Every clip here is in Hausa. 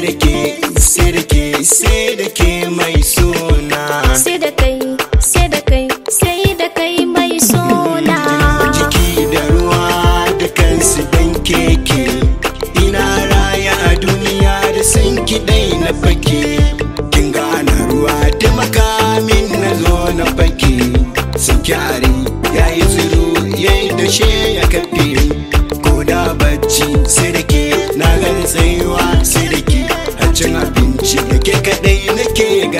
sai da ke sai da ke da ke mai suna sai da kai sai da kai sai da kai mai suna jiki da ruwa da kansu dan keke ina raya a duniya da san kidai na fake kin gana ruwa da makamin na zo na fake sun kyare yayi zuru yayi dashe ya kafe ko da bacci sai da ke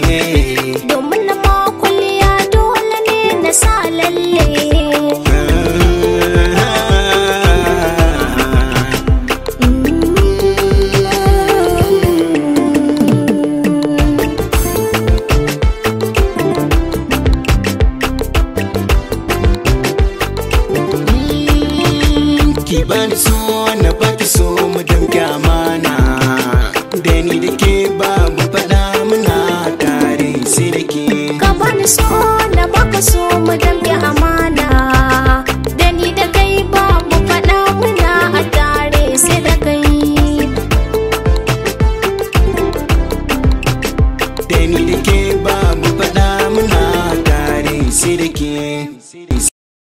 ne domin na makulliya dole ne na sa lalle Ki so na baki so mu so na baka so mu dambe amana da ni da kai ba mu faɗa muna a tare sai da kai da ni da ba